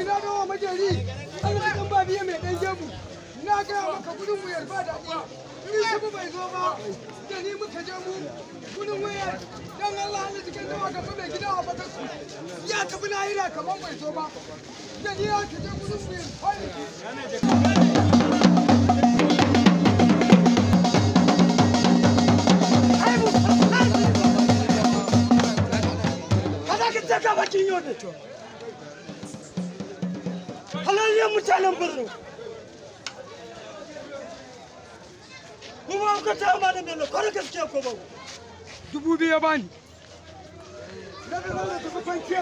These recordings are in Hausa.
ina nawa majeri Allah kan ba biye mai dan jebu na ga maka gudun mu yarba da ni in shi bai zo ba da ni muka je mu gudun wayar dan Allah Allah cikin dawa ga fa mai gida a fata su ya tafi lahira kaman bai zo ba da ni ya kaje gudun mu yarba Hadi git de halal halaliyar mutanen birnin kuma ka ta ma da bello kwarar gaske ko ba dubu biyu ya bani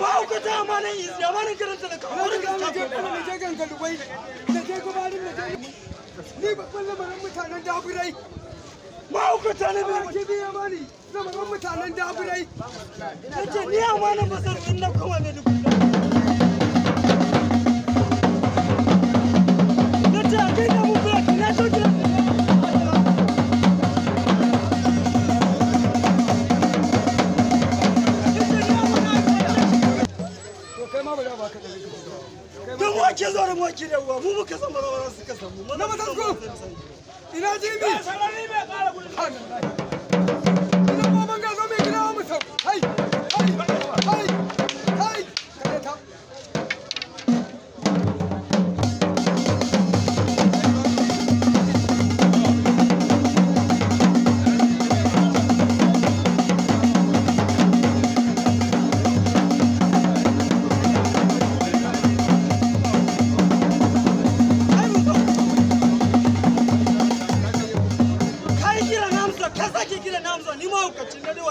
ba ka ta ma nan yi ya bani karanta da kwarar gaske ko ba na je ganga dubai na je gubanin na je ni babban lamarin mutanen daburai mahaukata ne mai kibi ya bani zama mutanen daburai na ce ni a wani masarfin na kuma mai dubu Don wake zo da wake da uwa, mu muka san suka samu. Na matan Ina jimi! Sarari kara